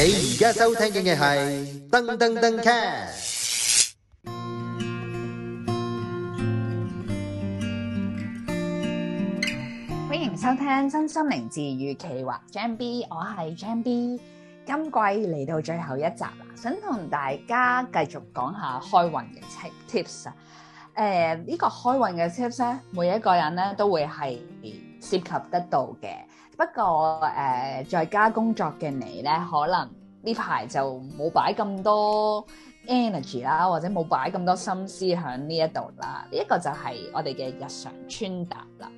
你而家收聽嘅係噔噔噔 cast，歡迎收聽《新心靈治愈企劃》。Jam B，我係 Jam B。今季嚟到最後一集啦，想同大家繼續講下開運嘅 tip。tips 啊，誒，呢個開運嘅 tips 咧，每一個人咧都會係涉及得到嘅。不過、呃、在家工作嘅你咧，可能呢排就冇擺咁多 energy 啦，或者冇擺咁多心思喺呢一度啦。呢、這、一個就係我哋嘅日常穿搭啦。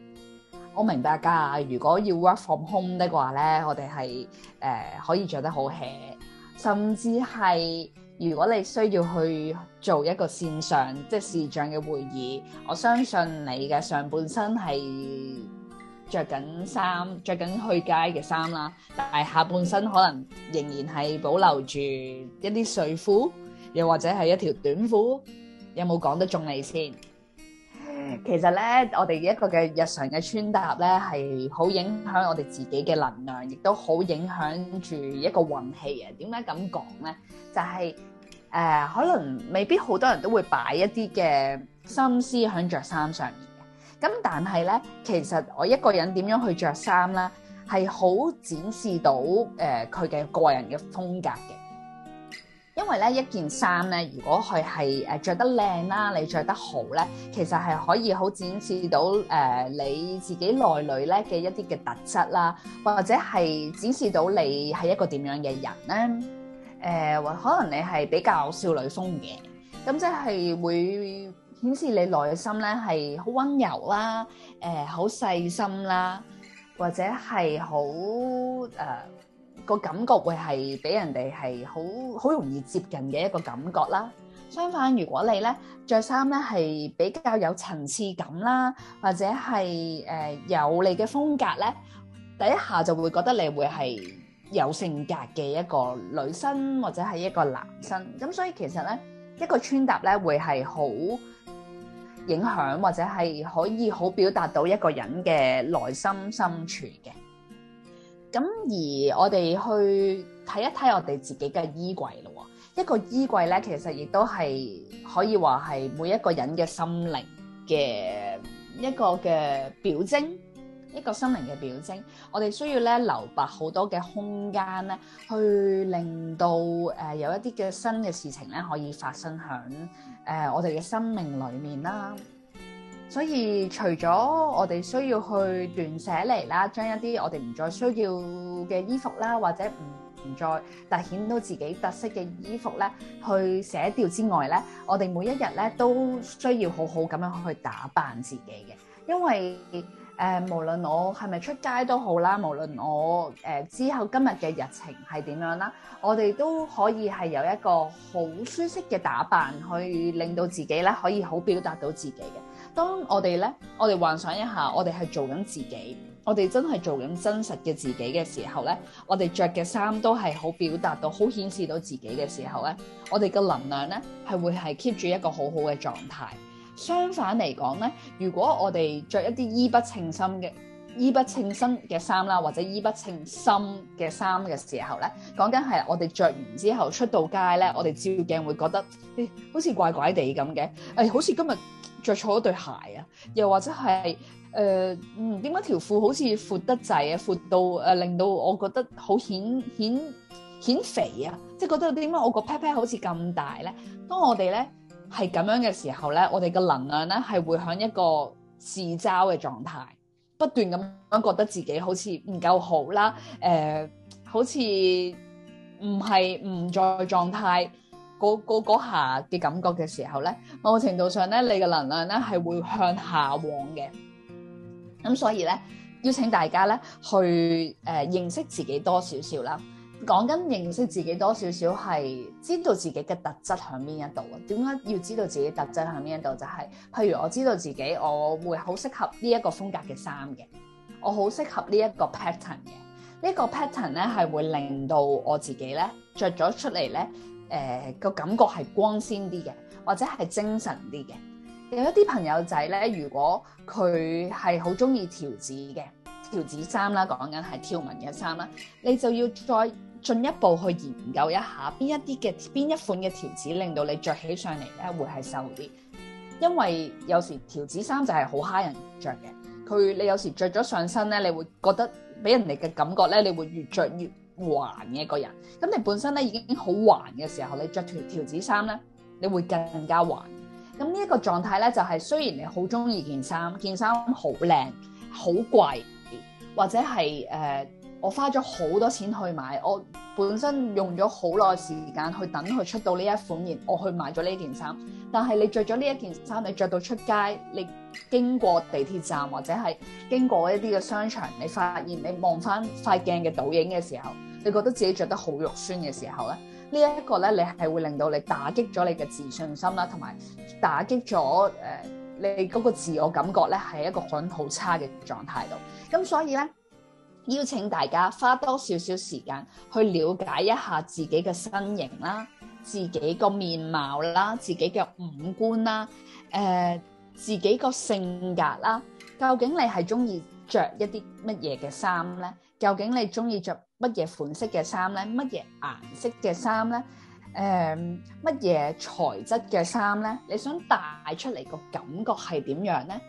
我明白㗎，如果要 work from home 的話咧，我哋係、呃、可以著得好 hea，甚至係如果你需要去做一個線上即係視像嘅會議，我相信你嘅上半身係著緊衫，著緊去街嘅衫啦，但係下半身可能仍然係保留住一啲睡褲，又或者係一條短褲，有冇講得中你先？其實咧，我哋一個嘅日常嘅穿搭咧，係好影響我哋自己嘅能量，亦都好影響住一個運氣啊！點解咁講咧？就係誒，可能未必好多人都會擺一啲嘅心思響著衫上面。咁但係咧，其實我一個人點樣去著衫咧，係好展示到誒佢嘅個人嘅風格嘅。因為咧一件衫咧，如果佢係誒著得靚啦，你著得好咧，其實係可以好展示到誒你自己內裏咧嘅一啲嘅特質啦，或者係展示到你係一個點樣嘅人咧。誒，或可能你係比較少女風嘅，咁即係會。顯示你內心咧係好溫柔啦，誒好細心啦，或者係好誒個感覺會係俾人哋係好好容易接近嘅一個感覺啦。相反，如果你咧著衫咧係比較有層次感啦，或者係誒有你嘅風格咧，第一下就會覺得你會係有性格嘅一個女生，或者係一個男生。咁所以其實咧一個穿搭咧會係好。影響，或者係可以好表達到一個人嘅內心深處嘅。咁而我哋去睇一睇我哋自己嘅衣櫃咯。一個衣櫃呢，其實亦都係可以話係每一個人嘅心靈嘅一個嘅表徵。一個心靈嘅表徵，我哋需要咧留白好多嘅空間咧，去令到誒、呃、有一啲嘅新嘅事情咧可以發生喺誒、呃、我哋嘅生命裡面啦。所以除咗我哋需要去斷捨離啦，將一啲我哋唔再需要嘅衣服啦，或者唔唔再凸顯到自己特色嘅衣服咧，去捨掉之外咧，我哋每一日咧都需要好好咁樣去打扮自己嘅，因為。誒、呃，無論我係咪出街都好啦，無論我、呃、之後今日嘅日程係點樣啦，我哋都可以係有一個好舒適嘅打扮，去令到自己咧可以好表達到自己嘅。當我哋咧，我哋幻想一下，我哋係做緊自己，我哋真係做緊真實嘅自己嘅時候咧，我哋着嘅衫都係好表達到、好顯示到自己嘅時候咧，我哋嘅能量咧係會係 keep 住一個好好嘅狀態。相反嚟講咧，如果我哋着一啲衣不稱身嘅衣不稱身嘅衫啦，或者衣不稱身嘅衫嘅時候咧，講緊係我哋着完之後出到街咧，我哋照鏡會覺得，欸、好似怪怪地咁嘅，誒、欸、好似今日着錯咗對鞋啊，又或者係誒、呃、嗯，點解條褲好似闊得滯啊，闊到誒、呃、令到我覺得好顯顯顯肥啊，即係覺得點解我個 pat pat 好似咁大咧？當我哋咧。係咁樣嘅時候咧，我哋嘅能量咧係會喺一個自嘲嘅狀態，不斷咁樣覺得自己好似唔夠好啦，誒、呃，好似唔係唔在狀態，嗰嗰嗰下嘅感覺嘅時候咧，某程度上咧，你嘅能量咧係會向下往嘅。咁所以咧，邀請大家咧去誒、呃、認識自己多少少啦。講緊認識自己多少少係知道自己嘅特質喺邊一度啊？點解要知道自己特質喺邊一度？就係、是、譬如我知道自己，我會好適合呢一個風格嘅衫嘅，我好適合呢一個 pattern 嘅。呢、這個 pattern 咧係會令到我自己咧着咗出嚟咧，誒、呃、個感覺係光鮮啲嘅，或者係精神啲嘅。有一啲朋友仔咧，如果佢係好中意條子嘅條子衫啦，講緊係條紋嘅衫啦，你就要再。進一步去研究一下邊一啲嘅邊一款嘅條子，令到你着起上嚟咧會係瘦啲。因為有時條子衫就係好蝦人着嘅，佢你有時着咗上身咧，你會覺得俾人哋嘅感覺咧，你會越着越橫嘅個人。咁你本身咧已經好橫嘅時候，你着條條子衫咧，你會更加橫。咁呢一個狀態咧，就係、是、雖然你好中意件衫，件衫好靚、好貴，或者係誒。呃我花咗好多錢去買，我本身用咗好耐時間去等佢出到呢一款嘢，我去買咗呢件衫。但係你着咗呢一件衫，你着到出街，你經過地鐵站或者係經過一啲嘅商場，你發現你望翻塊鏡嘅倒影嘅時候，你覺得自己着得好肉酸嘅時候咧，這個、呢一個咧，你係會令到你打擊咗你嘅自信心啦，同埋打擊咗誒你嗰個自我感覺咧，係一個好很很差嘅狀態度。咁所以咧。邀請大家花多少少時間去了解一下自己嘅身形啦，自己個面貌啦，自己嘅五官啦，誒、呃，自己個性格啦，究竟你係中意着一啲乜嘢嘅衫呢？究竟你中意着乜嘢款式嘅衫呢？乜嘢顏色嘅衫呢？誒、呃，乜嘢材質嘅衫呢？你想帶出嚟個感覺係點樣呢？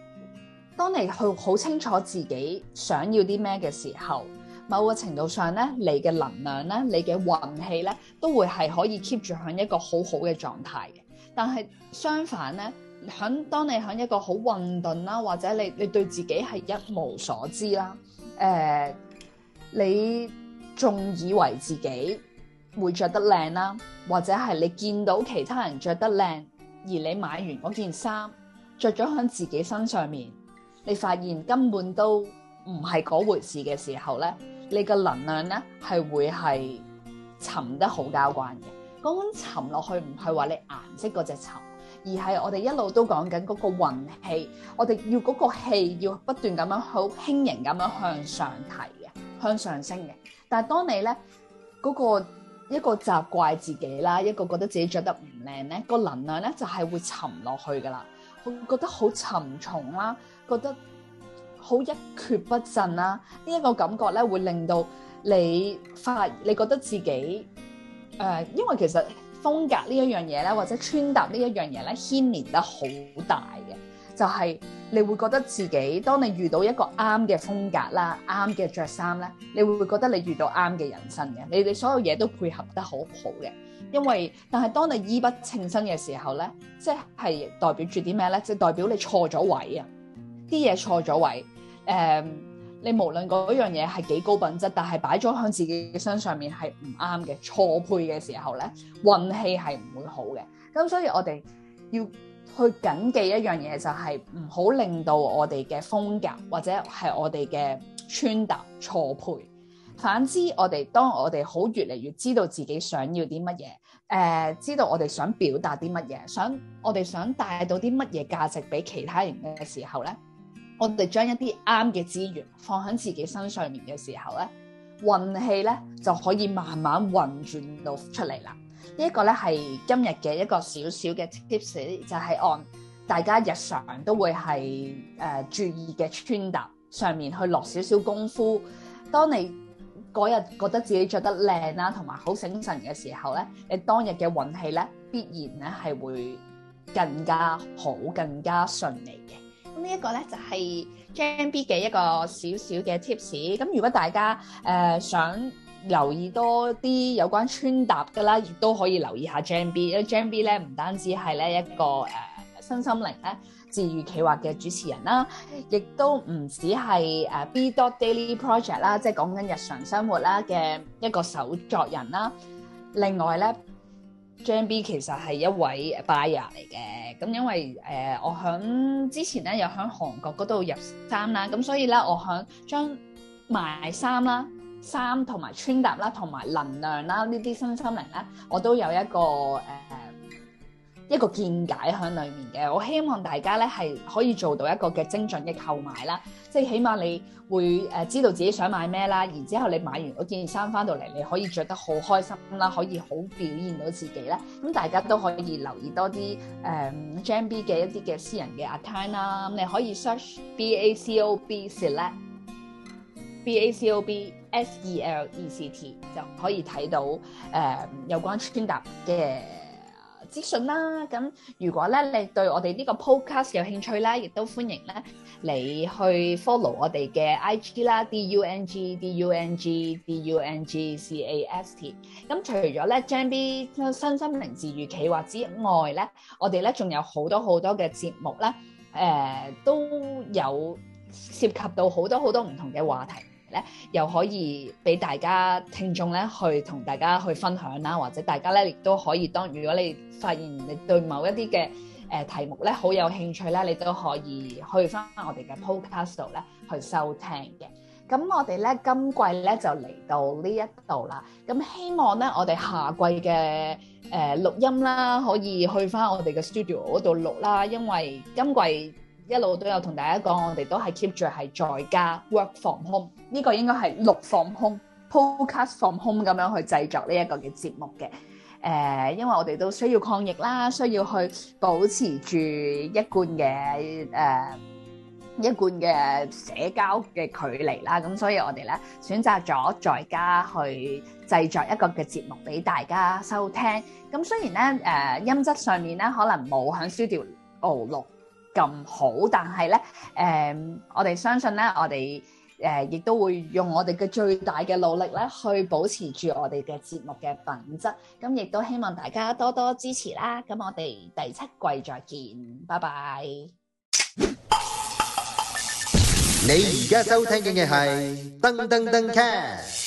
當你去好清楚自己想要啲咩嘅時候，某個程度上呢，你嘅能量呢，你嘅運氣呢，都會係可以 keep 住喺一個好好嘅狀態嘅。但係相反呢，響當你響一個好混沌啦，或者你你對自己係一無所知啦，誒、呃，你仲以為自己會着得靚啦，或者係你見到其他人着得靚，而你買完嗰件衫着咗喺自己身上面，你發現根本都唔係嗰回事嘅時候咧，你嘅能量咧係會係沉得好交關嘅。嗰種沉落去唔係話你顏色嗰隻沉，而係我哋一路都講緊嗰個運氣。我哋要嗰個氣要不斷咁樣好輕盈咁樣向上提嘅，向上升嘅。但係當你咧嗰、嗰個一個責怪自己啦，一個覺得自己着得唔靚咧，嗰個能量咧就係、係、會沉落去噶啦。會覺得好沉重啦、啊，覺得好一蹶不振啦、啊，呢、這、一個感覺咧會令到你發，你覺得自己誒、呃，因為其實風格呢一樣嘢咧，或者穿搭呢一樣嘢咧，牽連得好大嘅。就係你會覺得自己，當你遇到一個啱嘅風格啦，啱嘅着衫咧，你會覺得你遇到啱嘅人生嘅，你哋所有嘢都配合得好好嘅。因為，但係當你衣不稱身嘅時候咧，即係代表住啲咩咧？即係代表你錯咗位啊！啲嘢錯咗位，誒，你無論嗰樣嘢係幾高品質，但係擺咗向自己嘅身上面係唔啱嘅錯配嘅時候咧，運氣係唔會好嘅。咁所以我哋要去緊記一樣嘢，就係唔好令到我哋嘅風格，或者係我哋嘅穿搭錯配。反之我，我哋當我哋好越嚟越知道自己想要啲乜嘢，誒、呃，知道我哋想表達啲乜嘢，想我哋想帶到啲乜嘢價值俾其他人嘅時候咧，我哋將一啲啱嘅資源放喺自己身上面嘅時候咧，運氣咧就可以慢慢運轉到出嚟啦。這個、呢一個咧係今日嘅一個小小嘅 tips 就係按大家日常都會係誒、呃、注意嘅穿搭上面去落少少功夫。當你嗰日覺得自己着得靚啦、啊，同埋好醒神嘅時候咧，你當日嘅運氣咧必然咧係會更加好、更加順利嘅。咁呢一個咧就係 JMB 嘅一個小小嘅 tips。咁如果大家誒、呃、想，留意多啲有關穿搭嘅啦，亦都可以留意下 Jam B，因為 Jam B 咧唔單止係咧一個誒、呃、身心靈咧治癒企劃嘅主持人啦，亦都唔止係誒、呃、B dot Daily Project 啦，即係講緊日常生活啦嘅一個手作人啦。另外咧，Jam B 其實係一位 Buyer 嚟嘅，咁因為誒、呃、我響之前咧又響韓國嗰度入衫啦，咁所以咧我響將賣衫啦。衫同埋穿搭啦，同埋能量啦，呢啲新心靈咧，我都有一個誒、呃、一個見解響裏面嘅。我希望大家咧係可以做到一個嘅精準嘅購買啦，即係起碼你會誒知道自己想買咩啦，然之後你買完嗰件衫翻到嚟，你可以着得好開心啦，可以好表現到自己啦。咁大家都可以留意多啲誒 Gem B 嘅一啲嘅、呃、私人嘅 account 啦，咁你可以 search B A C O B select。B A C O B S E L E C T 就可以睇到、呃、有關穿搭嘅資訊啦。咁如果咧你對我哋呢個 podcast 有興趣咧，亦都歡迎咧你去 follow 我哋嘅 I G 啦，D U N G D U N G D U N G C A S T。咁 D-U-N-G, D-U-N-G，除咗咧 Jambi 身心靈自愈企劃之外咧，我哋咧仲有好多好多嘅節目咧、呃，都有涉及到好多好多唔同嘅話題。咧又可以俾大家聽眾咧去同大家去分享啦，或者大家咧亦都可以當如果你發現你對某一啲嘅誒題目咧好有興趣咧，你都可以去返我哋嘅 podcast 度咧去收聽嘅。咁我哋咧今季咧就嚟到呢一度啦。咁希望咧我哋下季嘅誒錄音啦，可以去返我哋嘅 studio 嗰度錄啦，因為今季，一路都有同大家講，我哋都係 keep 住係在家 work from home，呢個應該係錄 from home，podcast from home 咁樣去製作呢一個嘅節目嘅。誒，因為我哋都需要抗疫啦，需要去保持住一貫嘅誒一貫嘅社交嘅距離啦，咁所以我哋咧選擇咗在家去製作一個嘅節目俾大家收聽。咁雖然咧誒音質上面咧可能冇響 studio 度錄。咁好，但係咧，誒、嗯，我哋相信咧，我哋誒亦都會用我哋嘅最大嘅努力咧，去保持住我哋嘅節目嘅品質。咁亦都希望大家多多支持啦。咁我哋第七季再見，拜拜。你而家收聽嘅嘢係噔噔噔 c a。